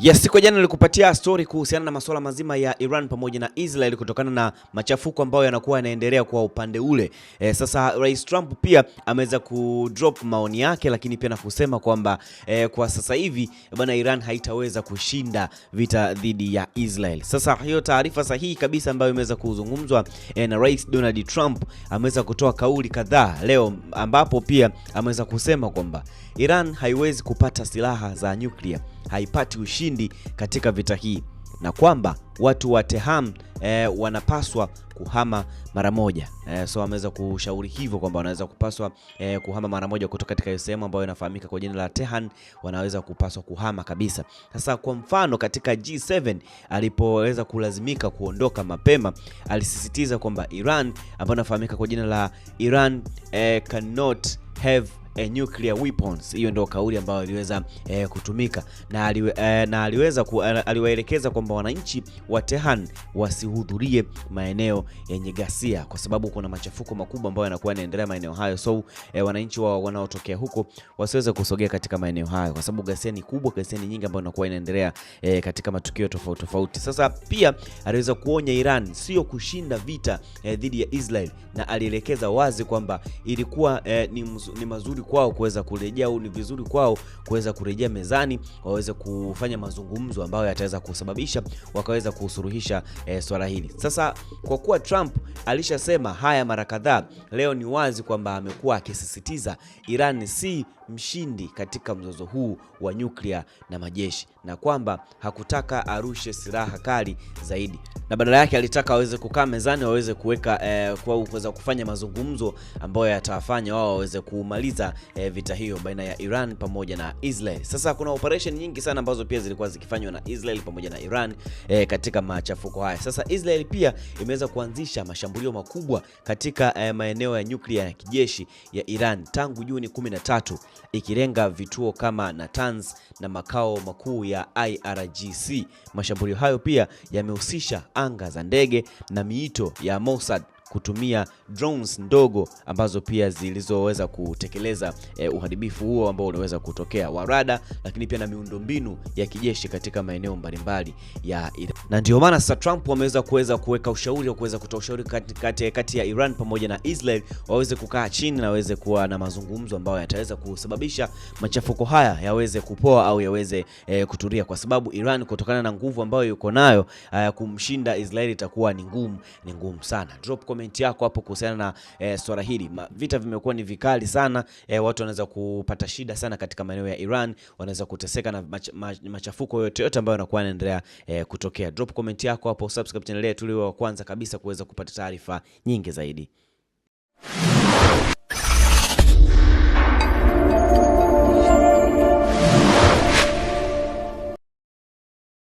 Yes, siku jana nilikupatia story kuhusiana na masuala mazima ya Iran pamoja na Israel kutokana na machafuko ambayo yanakuwa yanaendelea kwa upande ule. E, sasa Rais Trump pia ameweza kudrop maoni yake, lakini pia na kusema kwamba e, kwa sasa hivi bwana Iran haitaweza kushinda vita dhidi ya Israel. Sasa hiyo taarifa sahihi kabisa ambayo imeweza kuzungumzwa e, na Rais Donald Trump ameweza kutoa kauli kadhaa leo, ambapo pia ameweza kusema kwamba Iran haiwezi kupata silaha za nyuklia, haipati ushindi ushindi katika vita hii na kwamba watu wa Teham e, wanapaswa kuhama mara moja e, so ameweza kushauri hivyo kwamba wanaweza kupaswa e, kuhama mara moja kutoka katika hiyo sehemu ambayo inafahamika kwa jina la Tehan, wanaweza kupaswa kuhama kabisa. Sasa kwa mfano, katika G7 alipoweza kulazimika kuondoka mapema, alisisitiza kwamba Iran ambayo inafahamika kwa jina la Iran e, cannot have e, nuclear weapons. Hiyo ndio kauli ambayo aliweza e, eh, kutumika na, aliwe, e, na aliweza ku, aliwaelekeza kwamba wananchi wa Teheran wasihudhurie maeneo yenye ghasia kwa sababu kuna machafuko makubwa ambayo yanakuwa yanaendelea maeneo hayo, so e, wananchi wa wanaotokea huko wasiweze kusogea katika maeneo hayo kwa sababu ghasia ni kubwa, ghasia ni nyingi ambayo inakuwa inaendelea e, katika matukio tofauti tofauti. Sasa pia aliweza kuonya Iran sio kushinda vita eh, dhidi ya Israel na alielekeza wazi kwamba ilikuwa e, ni, mzu, ni mazuri kwao kuweza kurejea au ni vizuri kwao kuweza kurejea mezani waweze kufanya mazungumzo ambayo yataweza kusababisha wakaweza kusuluhisha e, swala hili. Sasa kwa kuwa Trump alishasema haya mara kadhaa, leo ni wazi kwamba amekuwa akisisitiza Iran si mshindi katika mzozo huu wa nyuklia na majeshi na kwamba hakutaka arushe silaha kali zaidi na badala yake alitaka waweze kukaa mezani waweze kuweka eh, kwa kuweza kufanya mazungumzo ambayo yatawafanya wao waweze kumaliza eh, vita hiyo baina ya Iran pamoja na Israel. Sasa kuna operation nyingi sana ambazo pia zilikuwa zikifanywa na Israel pamoja na Iran eh, katika machafuko haya. Sasa Israel pia imeweza kuanzisha mashambulio makubwa katika eh, maeneo ya nyuklia ya kijeshi ya Iran tangu Juni 13 ikilenga vituo kama Natanz na makao makuu ya IRGC. Mashambulio hayo pia yamehusisha anga za ndege na miito ya Mossad kutumia drones ndogo ambazo pia zilizoweza kutekeleza eh, uharibifu huo ambao uliweza kutokea wa rada, lakini pia na miundombinu ya kijeshi katika maeneo mbalimbali ya Iran. Na ndio maana sasa Trump wameweza kuweza kuweka ushauri wa kuweza kutoa ushauri kati, kati, kati ya Iran pamoja na Israel waweze kukaa chini na waweze kuwa na mazungumzo ambayo yataweza kusababisha machafuko haya yaweze kupoa au yaweze eh, kutulia, kwa sababu Iran kutokana na nguvu ambayo yuko nayo eh, kumshinda Israel itakuwa ni ngumu, ni ngumu sana. Drop comment yako hapo kuhusiana na e, swala hili. Vita vimekuwa ni vikali sana e, watu wanaweza kupata shida sana katika maeneo ya Iran, wanaweza kuteseka na mach, mach, machafuko yote yote ambayo yanakuwa yanaendelea e, kutokea. Drop comment yako hapo, subscribe channel yetu, ili wa kwanza kabisa kuweza kupata taarifa nyingi zaidi.